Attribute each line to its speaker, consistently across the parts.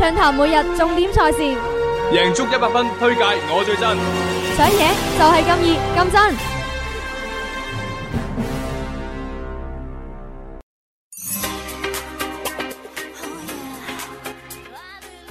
Speaker 1: 暢談每日重點賽事，贏足一百分，推介我最真，想贏就係咁易咁真。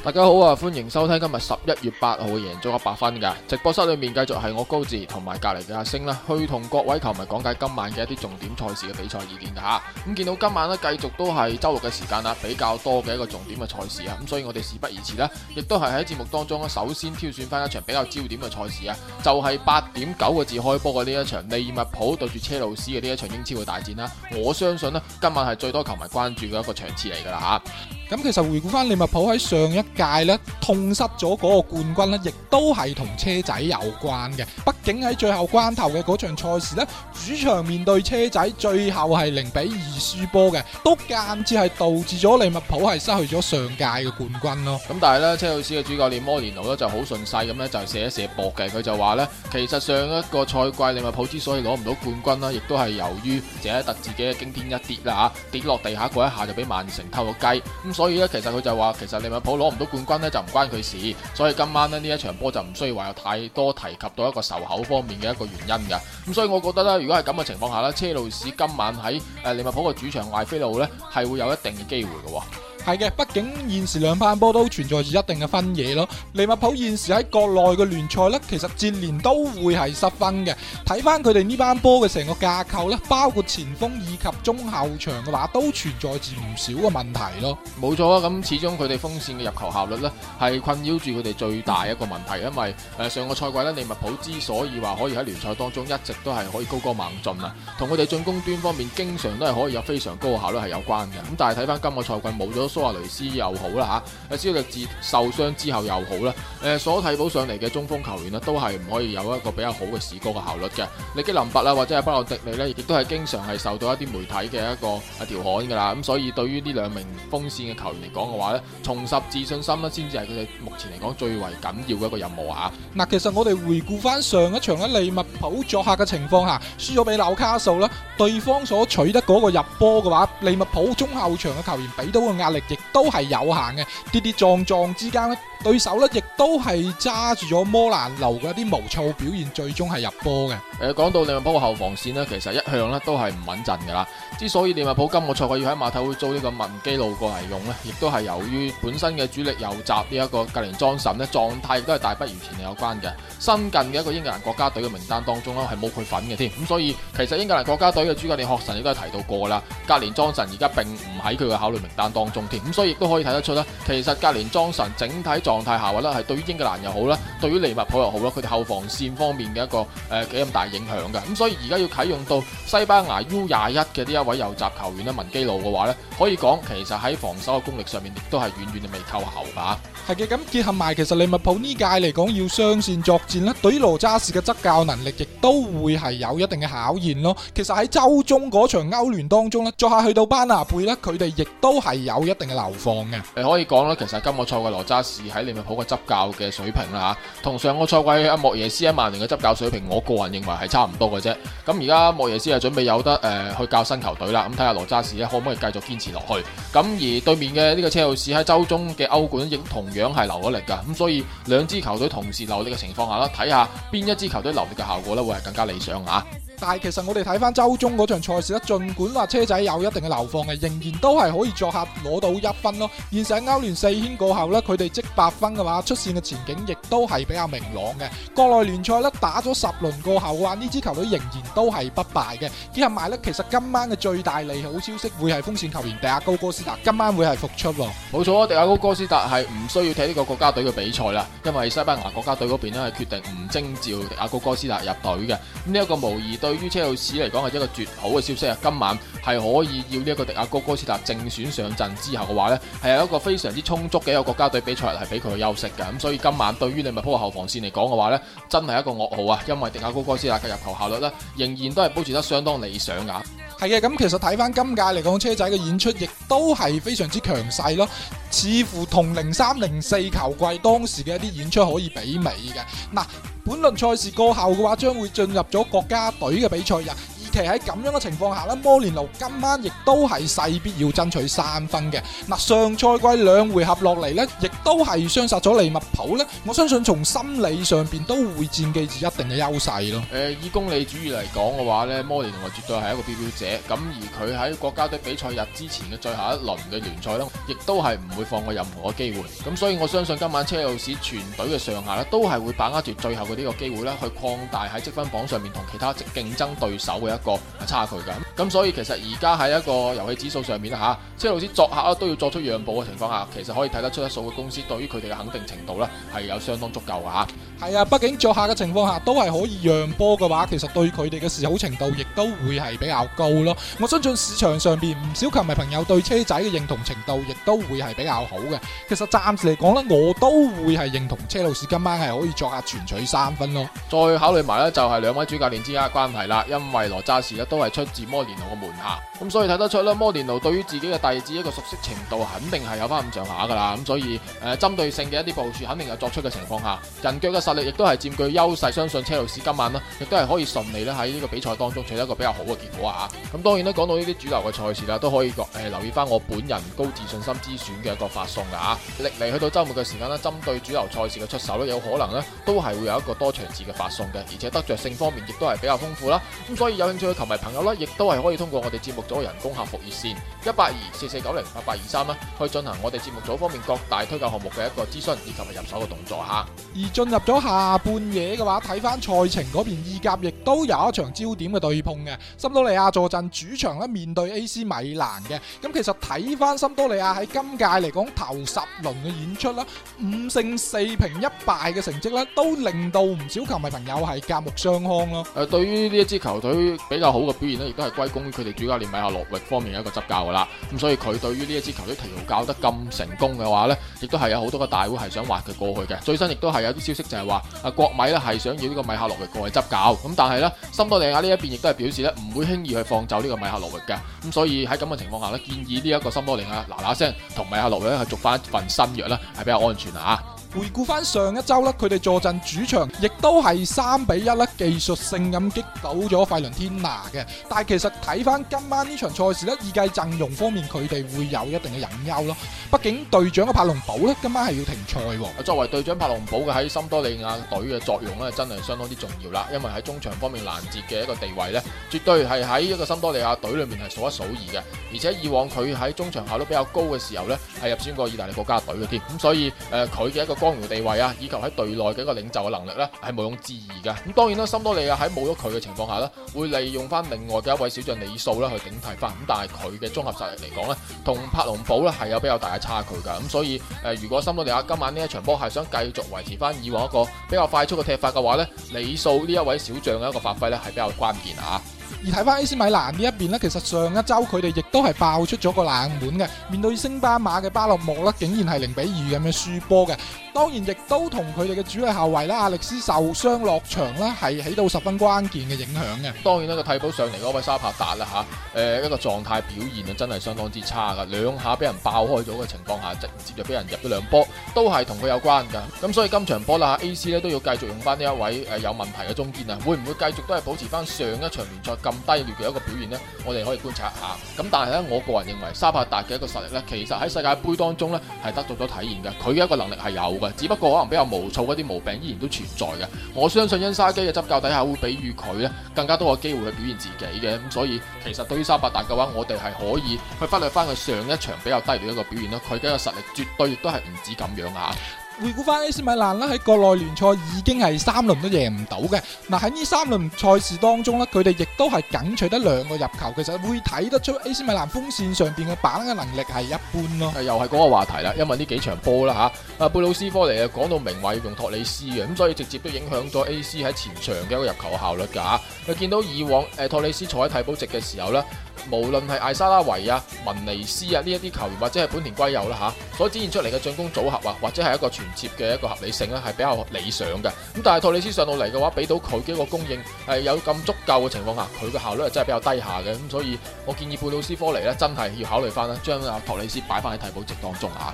Speaker 2: 大家好啊！歡迎收聽今日十一月八號贏足一百分嘅直播室裏面，繼續係我高志同埋隔籬嘅阿星啦，去同各位球迷講解今晚嘅一啲重點賽事嘅比賽意見嘅吓、啊。咁、嗯、見到今晚咧，繼續都係周六嘅時間啦、啊，比較多嘅一個重點嘅賽事啊。咁所以我哋事不宜遲啦，亦都係喺節目當中咧，首先挑選翻一場比較焦點嘅賽事啊，就係八點九個字開波嘅呢一場利物浦對住車路士嘅呢一場英超嘅大戰啦、啊。我相信呢，今晚係最多球迷關注嘅一個場次嚟噶啦吓。
Speaker 3: 咁其實回顧翻利物浦喺上一屆呢痛失咗嗰個冠軍呢亦都係同車仔有關嘅。畢竟喺最後關頭嘅嗰場賽事呢，主場面對車仔，最後係零比二輸波嘅，都間接係導致咗利物浦係失去咗上屆嘅冠軍咯。咁但係咧，車路士
Speaker 2: 嘅主教練摩連奴咧就好順勢咁咧就射一射膊嘅，佢就話咧，其實上一個賽季利物浦之所以攞唔到冠軍咧，亦都係由於謝一特自己嘅驚天一跌啦吓，跌、啊、落地下嗰一下就俾曼城偷咗雞。咁所以咧，其實佢就話，其實利物浦攞唔到冠軍咧就唔關佢事，所以今晚咧呢一場波就唔需要話有太多提及到一個仇口方面嘅一個原因㗎，咁所以我覺得咧，如果係咁嘅情況下咧，車路士今晚喺誒利物浦個主場艾菲路
Speaker 3: 咧係會有一定嘅機會嘅。係嘅，畢竟現時兩班波都存在住一定嘅分野咯。利物浦現時喺國內嘅聯賽呢，其實接連都會係失分嘅。睇翻佢哋呢班波嘅成個架構呢，包括前鋒以及中後場嘅話，都存在住唔少嘅問題咯。
Speaker 2: 冇錯啊，咁始終佢哋鋒線嘅入球效率呢，係困擾住佢哋最大一個問題，因為誒、呃、上個賽季呢，利物浦之所以話可以喺聯賽當中一直都係可以高歌猛進啊，同佢哋進攻端方面經常都係可以有非常高嘅效率係有關嘅。咁但係睇翻今個賽季冇咗。多阿雷斯又好啦，吓，阿肖特自受傷之後又好啦，誒所替補上嚟嘅中鋒球員呢，都係唔可以有一個比較好嘅士哥嘅效率嘅。利基林伯啦或者係巴洛迪利呢，亦都係經常係受到一啲媒體嘅一個啊調侃噶啦。咁所以對於呢兩名鋒線嘅球員嚟講嘅話呢，重拾自信心咧，先至係佢哋目前嚟講最為緊要嘅一個任務吓。
Speaker 3: 嗱，其實我哋回顧翻上一場喺利物浦作客嘅情況下，輸咗俾紐卡素啦，對方所取得嗰個入波嘅話，利物浦中後場嘅球員俾到嘅壓力。亦都係有限嘅，跌跌撞撞之間咧。對手咧，亦都係揸住咗摩蘭流嘅一啲毛躁表現，最終係入波嘅。
Speaker 2: 誒、呃，講到利物浦後防線呢，其實一向咧都係唔穩陣㗎啦。之所以利物浦今個賽季要喺馬體會租呢個文基路過嚟用呢，亦都係由於本身嘅主力右閘呢一個格連莊臣呢狀態亦都係大不如前有關嘅。新近嘅一個英格蘭國家隊嘅名單當中呢係冇佢份嘅添，咁所以其實英格蘭國家隊嘅主教練霍臣亦都提到過啦，格連莊臣而家並唔喺佢嘅考慮名單當中添，咁所以亦都可以睇得出啦，其實格連莊臣整體狀態下，或者係對於英格蘭又好啦，對於利物浦又好啦，佢哋後防線方面嘅一個誒幾咁大影響嘅。咁所以而家要啟用到西班牙 U 廿一嘅呢一位右閘球員啦，文基路嘅話呢，可以講其實喺防守嘅功力上面，亦都係遠遠就未夠喉嘅。
Speaker 3: 係嘅，咁結合埋其實利物浦呢屆嚟講要雙線作戰咧，對於羅渣士嘅執教能力亦都會係有一定嘅考驗咯。其實喺週中嗰場歐聯當中咧，再下去到班拿貝咧，佢哋亦都係有一定嘅流放嘅。
Speaker 2: 你可以講啦，其實今個賽季羅渣士喺利物浦嘅執教嘅水平啦嚇，同上個賽季阿莫耶斯喺曼聯嘅執教水平，我個人認為係差唔多嘅啫。咁而家莫耶斯係準備有得誒去教新球隊啦，咁睇下羅渣士咧可唔可以繼續堅持落去。咁而對面嘅呢個車路士喺週中嘅歐冠亦同樣。樣係留咗力噶，咁所以兩支球隊同時留力嘅情況下啦，睇下邊一支球隊留力嘅效果咧，會係更加理想啊。
Speaker 3: 但係其實我哋睇翻周中嗰場賽事咧，儘管話車仔有一定嘅流放嘅，仍然都係可以作客攞到一分咯。現時喺歐聯四圈過後咧，佢哋積八分嘅話，出線嘅前景亦都係比較明朗嘅。國內聯賽咧打咗十輪過後啊，呢支球隊仍然都係不敗嘅。兼埋咧，其實今晚嘅最大利好消息會係鋒線球員迪亞高哥斯達今晚會係復出。
Speaker 2: 冇錯，迪亞高哥斯達係唔需要睇呢個國家隊嘅比賽啦，因為西班牙國家隊嗰邊咧係決定唔徵召迪亞高哥斯達入隊嘅。咁呢一個無疑對。對於車路士嚟講係一個絕好嘅消息啊！今晚係可以要呢一個迪亞哥哥斯達正選上陣之後嘅話呢係有一個非常之充足嘅一個國家隊比賽係俾佢休息嘅，咁所以今晚對於利物浦嘅後防線嚟講嘅話呢真係一個噩耗啊！因為迪亞哥哥斯達嘅入球效率呢，仍然都係保持得相當理想噶。
Speaker 3: 係嘅，咁其實睇翻今屆嚟講，車仔嘅演出亦都係非常之強勢咯，似乎同零三、零四球季當時嘅一啲演出可以媲美嘅。嗱，本輪賽事過後嘅話，將會進入咗國家隊嘅比賽日。尤其喺咁樣嘅情況下咧，摩連奴今晚亦都係勢必要爭取三分嘅。嗱，上賽季兩回合落嚟咧，亦都係雙殺咗利物浦咧。我相信從心理上邊都會佔據住一定嘅優勢咯。
Speaker 2: 誒、呃，以功利主義嚟講嘅話咧，摩連奴絕對係一個表表者。咁而佢喺國家隊比賽日之前嘅最後一輪嘅聯賽咧，亦都係唔會放過任何嘅機會。咁所以我相信今晚車路士全隊嘅上下咧，都係會把握住最後嘅呢個機會咧，去擴大喺積分榜上面同其他競爭對手嘅個差距噶咁，所以其實而家喺一個遊戲指數上面啦吓，車路士作客啊都要作出讓步嘅情況下，其實可以睇得出一數嘅公司對於佢哋嘅肯定程度咧，係有相當足夠噶
Speaker 3: 吓。係啊，畢竟作客嘅情況下都係可以讓波嘅話，其實對佢哋嘅視好程度亦都會係比較高咯。我相信市場上邊唔少球迷朋友對車仔嘅認同程度亦都會係比較好嘅。其實暫時嚟講咧，我都會係認同車路士今晚係可以作客全取三分咯。
Speaker 2: 再考慮埋咧就係兩位主教練之間嘅關係啦，因為羅。當時咧都係出自摩連奴嘅門下，
Speaker 3: 咁所以睇得出咧，摩連奴對於自
Speaker 2: 己嘅弟子一個熟悉程度，肯定係有翻咁上下噶啦。咁所以誒，針、呃、對性嘅一啲部署，肯定有作出嘅情況下，人腳嘅實力亦都係佔據優勢。相信車路士今晚呢，亦都係可以順利咧喺呢個比賽當中取得一個比較好嘅結果啊！咁當然啦，講到呢啲主流嘅賽事啦，都可以誒、呃、留意翻我本人高自信心之選嘅一個發送噶吓。歷、啊、嚟，去到周末嘅時間呢，針對主流賽事嘅出手咧，有可能呢，都係會有一個多場次嘅發送嘅，而且得着性方面亦都係比較豐富啦。咁、啊、所以有。出球迷朋友啦，亦都係可以通過我哋節目組嘅人工客服熱線一八二四四九零八八二三啦，去進行我哋節目組方面各大推介項目嘅一個諮詢以及係入手嘅動作吓。
Speaker 3: 而進入咗下半夜嘅話，睇翻賽程嗰邊意甲亦都有一場焦點嘅對碰嘅，森多利亞坐鎮主場咧面對 A C 米蘭嘅。咁其實睇翻森多利亞喺今屆嚟講頭十輪嘅演出啦，五勝四平一敗嘅成績咧，都令到唔少球迷朋友係刮目相看咯。誒，對於
Speaker 2: 呢一支球隊。比較好嘅表現呢，亦都係歸功於佢哋主教練米夏洛域方面嘅一個執教㗎喇。咁所以佢對於呢一支球隊調教得咁成功嘅話呢，亦都係有好多個大會係想挖佢過去嘅。最新亦都係有啲消息就係話阿國米呢係想要呢個米夏洛域過去執教咁，但係呢，森多利亞呢一邊亦都係表示呢唔會輕易去放走呢個米夏洛域嘅。咁所以喺咁嘅情況下呢，建議呢一個森多利亞嗱嗱聲同米夏洛域去續返一份新約呢，係比較安全啊！
Speaker 3: 回顧翻上一周啦，佢哋坐鎮主場，亦都係三比一啦，技術性咁擊倒咗費倫天拿嘅。但係其實睇翻今晚呢場賽事呢，意計陣容方面佢哋會有一定嘅隱憂咯。畢竟隊長嘅帕龍堡呢，今晚係要停賽。作為
Speaker 2: 隊長帕龍堡嘅喺森多利亞隊嘅作用呢，真係相當之重要啦。因為喺中場方面攔截嘅一個地位呢，絕對係喺一個森多利亞隊裏面係數一數二嘅。而且以往佢喺中場效率比較高嘅時候呢，係入選過意大利國家隊嘅添。咁所以誒，佢嘅一個江湖地位啊，以及喺隊內嘅一個領袖嘅能力咧，係毋庸置疑嘅。咁當然啦、啊，森多利亞喺冇咗佢嘅情況下咧，會利用翻另外嘅一位小將李素咧去頂替翻。咁但係佢嘅綜合實力嚟講咧，同柏龍堡咧係有比較大嘅差距㗎。咁所以誒、呃，如果森多利亞今晚呢一場波係想繼續維持翻以往一個比較快速嘅踢法嘅話咧，李素呢一位小將嘅一個發揮咧係比較關鍵嘅啊。
Speaker 3: 而睇翻 AC 米蘭呢一邊呢，其實上一周佢哋亦都係爆出咗個冷門嘅，面對星巴馬嘅巴洛木呢，竟然係零比二咁樣輸波嘅。當然亦都同佢哋嘅主力後衛啦，阿歷斯受傷落場呢，係起到十分關鍵嘅影響
Speaker 2: 嘅。當然呢，個替補上嚟嗰位沙柏達啦吓，誒、啊呃、一個狀態表現啊，真係相當之差噶，兩下俾人爆開咗嘅情況下，直接就俾人入咗兩波，都係同佢有關噶。咁所以今場波啦、啊、AC 呢都要繼續用翻呢一位誒、呃、有問題嘅中堅啊，會唔會繼續都係保持翻上一場聯賽？咁低劣嘅一個表現呢，我哋可以觀察下。咁但係呢，我個人認為沙伯達嘅一個實力呢，其實喺世界盃當中呢，係得到咗體現嘅。佢嘅一個能力係有嘅，只不過可能比較無措嗰啲毛病依然都存在嘅。我相信因沙基嘅執教底下會俾佢呢，更加多嘅機會去表現自己嘅。咁所以其實對於沙伯達嘅話，我哋係可以去忽略翻佢上一場比較低劣一個表現啦。佢嘅實力絕對亦都係唔止咁樣啊！
Speaker 3: 回顧翻 AC 米蘭啦，喺國內聯賽已經係三輪都贏唔到嘅。嗱，喺呢三輪賽事當中咧，佢哋亦都係僅取得兩個入球。其實會睇得出 AC 米蘭鋒線上邊嘅把握能力係一般咯。又
Speaker 2: 係嗰個話題啦，因為呢幾場波啦吓，阿貝魯斯科尼啊講到明話要用托里斯嘅，咁所以直接都影響咗 AC 喺前場嘅一個入球效率噶吓。佢見到以往誒、呃、托里斯坐喺替補席嘅時候呢，無論係艾沙拉維啊、文尼斯啊呢一啲球員或者係本田圭佑啦吓，所展現出嚟嘅進攻組合啊，或者係一個全。接嘅一個合理性咧，係比較理想嘅。咁但係托里斯上到嚟嘅話，俾到佢幾個供應係有咁足夠嘅情況下，佢嘅效率係真係比較低下嘅。咁所以，我建議貝魯斯科尼咧，真係要考慮翻啦，將阿托里斯擺翻喺替補席當中嚇。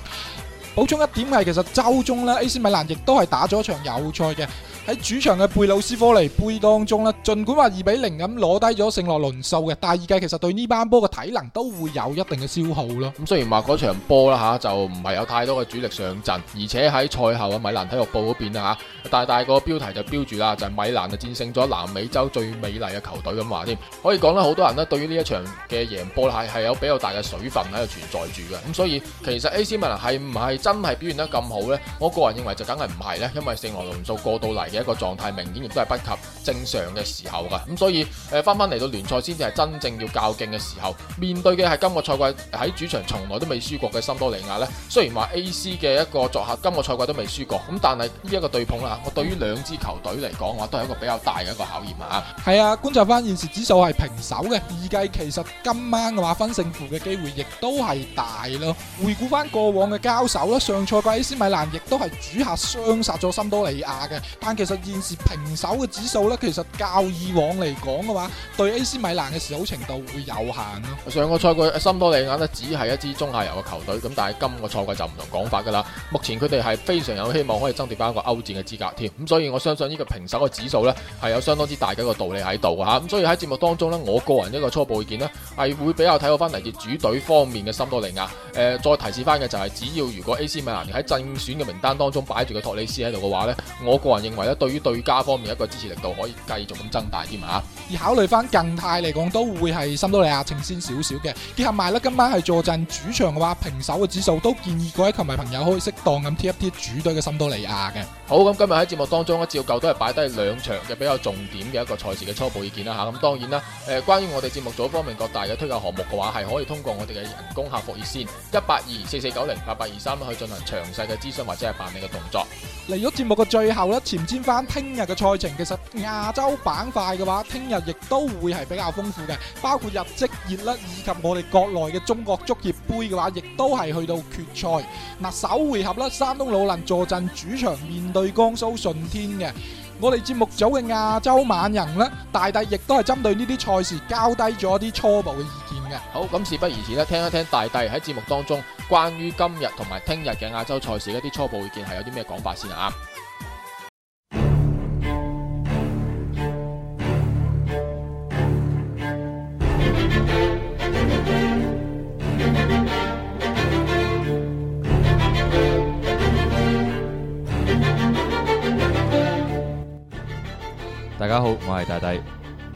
Speaker 3: 補充一點係，其實周中呢 AC 米蘭亦都係打咗場友賽嘅，喺主場嘅貝魯斯科尼杯當中呢，儘管話二比零咁攞低咗聖羅倫秀嘅，但係二季其實對呢班波嘅體能都會有一定嘅消耗咯。咁
Speaker 2: 雖然話嗰場波啦嚇就唔係有太多嘅主力上陣，而且喺賽後嘅米蘭體育報嗰邊啊嚇大大個標題就標住啦，就係、是、米蘭就戰勝咗南美洲最美麗嘅球隊咁話添。可以講呢，好多人呢對於呢一場嘅贏波啦係有比較大嘅水分喺度存在住嘅。咁、啊、所以其實 AC 米蘭係唔係？真係表現得咁好咧？我個人認為就梗係唔係咧，因為聖羅倫素過到嚟嘅一個狀態明顯亦都係不及正常嘅時候噶。咁所以誒翻翻嚟到聯賽先至係真正要較勁嘅時候，面對嘅係今個賽季喺主場從來都未輸過嘅森多利亞咧。雖然話 A.C. 嘅一個作客今個賽季都未輸過，咁但係呢一個對碰啦，我對於兩支球隊嚟講，話都係一個比較大嘅一個考驗啊。
Speaker 3: 係啊，觀察翻現時指數係平手嘅，預計其實今晚嘅話分勝負嘅機會亦都係大咯。回顧翻過往嘅交手。上賽季 AC 米蘭亦都係主客雙殺咗森多利亞嘅，但其實現時平手嘅指數呢，其實較以往嚟講嘅話，對 AC 米蘭嘅利好程度會有限咯。上個賽季森多利亞呢只係
Speaker 2: 一支中下游嘅球隊，咁但係今個賽季就唔同講法噶啦。目前佢哋係非常有希望可以爭奪翻一個歐戰嘅資格添，咁所以我相信呢個平手嘅指數呢係有相當之大嘅一個道理喺度嘅吓，咁所以喺節目當中呢，我個人一個初步意見呢係會比較睇好翻嚟自主隊方面嘅森多利亞。誒、呃，再提示翻嘅就係只要如果。喺正選嘅名單當中擺住個托里斯喺度嘅話呢，我個人認為咧，對於對家方面的一個支持力度可以繼續咁增大添嚇。
Speaker 3: 而考慮翻近態嚟講，都會係新多利亞勝先少少嘅。結合埋呢，今晚係坐鎮主場嘅話，平手嘅指數都建議各位球迷朋友可以適當咁貼一貼主隊嘅新多利亞嘅。
Speaker 2: 好咁，那今日喺節目當中咧，照舊都係擺低兩場嘅比較重點嘅一個賽事嘅初步意見啦嚇。咁、啊、當然啦，誒、啊，關於我哋節目組方面各大嘅推介項目嘅話，係可以通過我哋嘅人工客服熱線一八二四四九零八八二三進行詳細嘅諮詢或者係辦理嘅動作。
Speaker 3: 嚟到節目嘅最後咧，前瞻翻聽日嘅賽程，其實亞洲板塊嘅話，聽日亦都會係比較豐富嘅，包括日職聯咧，以及我哋國內嘅中國足協盃嘅話，亦都係去到決賽。嗱，首回合咧，山東魯能坐鎮主場面對江蘇舜天嘅。我哋節目組嘅亞洲猛人咧，大帝亦都係針對呢啲賽事交低咗啲初步嘅意見
Speaker 2: 嘅。好，咁事不宜遲咧，聽一聽大帝喺節目當中關於今日同埋聽日嘅亞洲賽事一啲初步意見是有什麼法，係有啲咩講法先啊！
Speaker 1: 係大帝，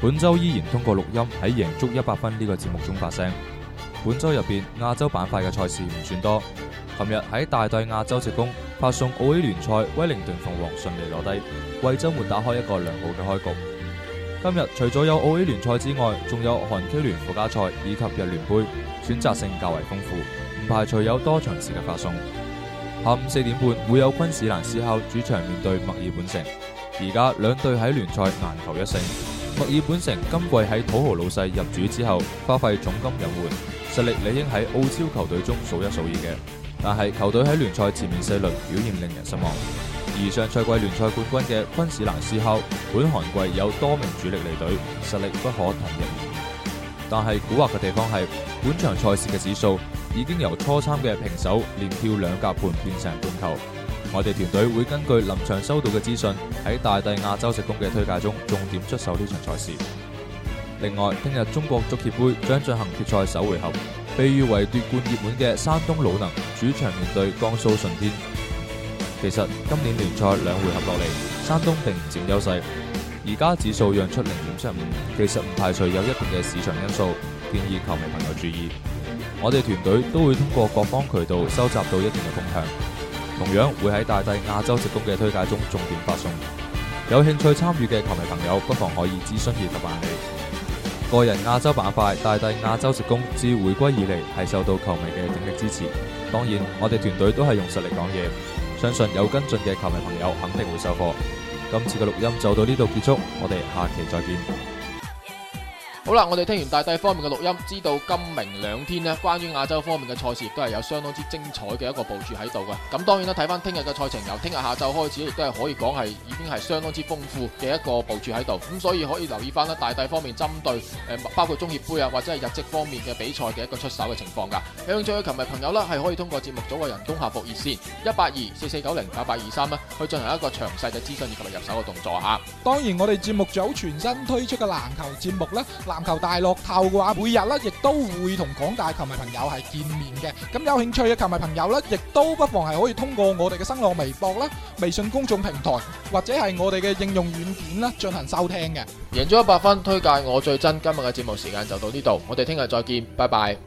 Speaker 1: 本周依然通過錄音喺贏足一百分呢個節目中發聲。本周入邊亞洲板塊嘅賽事唔算多，琴日喺大對亞洲直攻發送澳 A 聯賽威靈頓鳳凰順利攞低，為周末打開一個良好嘅開局。今日除咗有澳 A 聯賽之外，仲有韓 K 聯附加賽以及日聯杯，選擇性較為豐富，唔排除有多場次嘅發送。下午四點半會有昆士蘭士考主場面對墨爾本城。而家兩隊喺聯賽難求一勝。墨爾本城今季喺土豪老細入主之後，花費重金引援，實力理應喺澳超球隊中數一數二嘅。但係球隊喺聯賽前面四輪表現令人失望。而上賽季聯賽冠軍嘅昆士蘭斯考本韓季有多名主力離隊，實力不可同日而語。但係蠱惑嘅地方係，本場賽事嘅指數已經由初參嘅平手，連跳兩甲盤變成半球。我哋團隊會根據臨場收到嘅資訊，喺大帝亞洲食工嘅推介中，重點出售呢場賽事。另外，聽日中國足協盃將進行決賽首回合，被譽為奪冠熱門嘅山東魯能主場面對江蘇舜天。其實今年聯賽兩回合落嚟，山東並唔佔優勢。而家指數讓出零點七五，其實唔排除有一定嘅市場因素，建議球迷朋友注意。我哋團隊都會通過各方渠道收集到一定嘅風向。同樣會喺大帝亞洲職工嘅推介中重點發送，有興趣參與嘅球迷朋友不妨可以諮詢以及辦理。個人亞洲板塊大帝亞洲職工自回歸以嚟係受到球迷嘅鼎力支持，當然我哋團隊都係用實力講嘢，相信有跟進嘅球迷朋友肯定會收穫。今次嘅錄音就到呢度結束，我哋下期再見。
Speaker 2: 好啦，我哋聽完大帝方面嘅錄音，知道今明兩天呢，關於亞洲方面嘅賽事亦都係有相當之精彩嘅一個部署喺度嘅。咁當然啦，睇翻聽日嘅賽程，由聽日下晝開始，亦都係可以講係已經係相當之豐富嘅一個部署喺度。咁所以可以留意翻啦，大帝方面針對誒包括中協杯啊，或者係日職方面嘅比賽嘅一個出手嘅情況噶。有興趣嘅朋友呢，係可以通過節目組嘅人工客服熱線一八二四四九零八八二三啦，去進行一個詳細嘅諮詢以及入手嘅動作吓。
Speaker 3: 當然，我哋節目組全新推出嘅籃球節目咧，球大樂透嘅話，每日咧亦都會同廣大球迷朋友係見面嘅。咁有興趣嘅球迷朋友咧，亦都不妨係可以通過我哋嘅新浪微博啦、微信公眾平台或者係我哋嘅應用軟件啦進行收聽嘅。贏足 100FUN，推
Speaker 2: 介我最真。今日嘅節目時間就到呢度，我哋聽日再見，拜拜。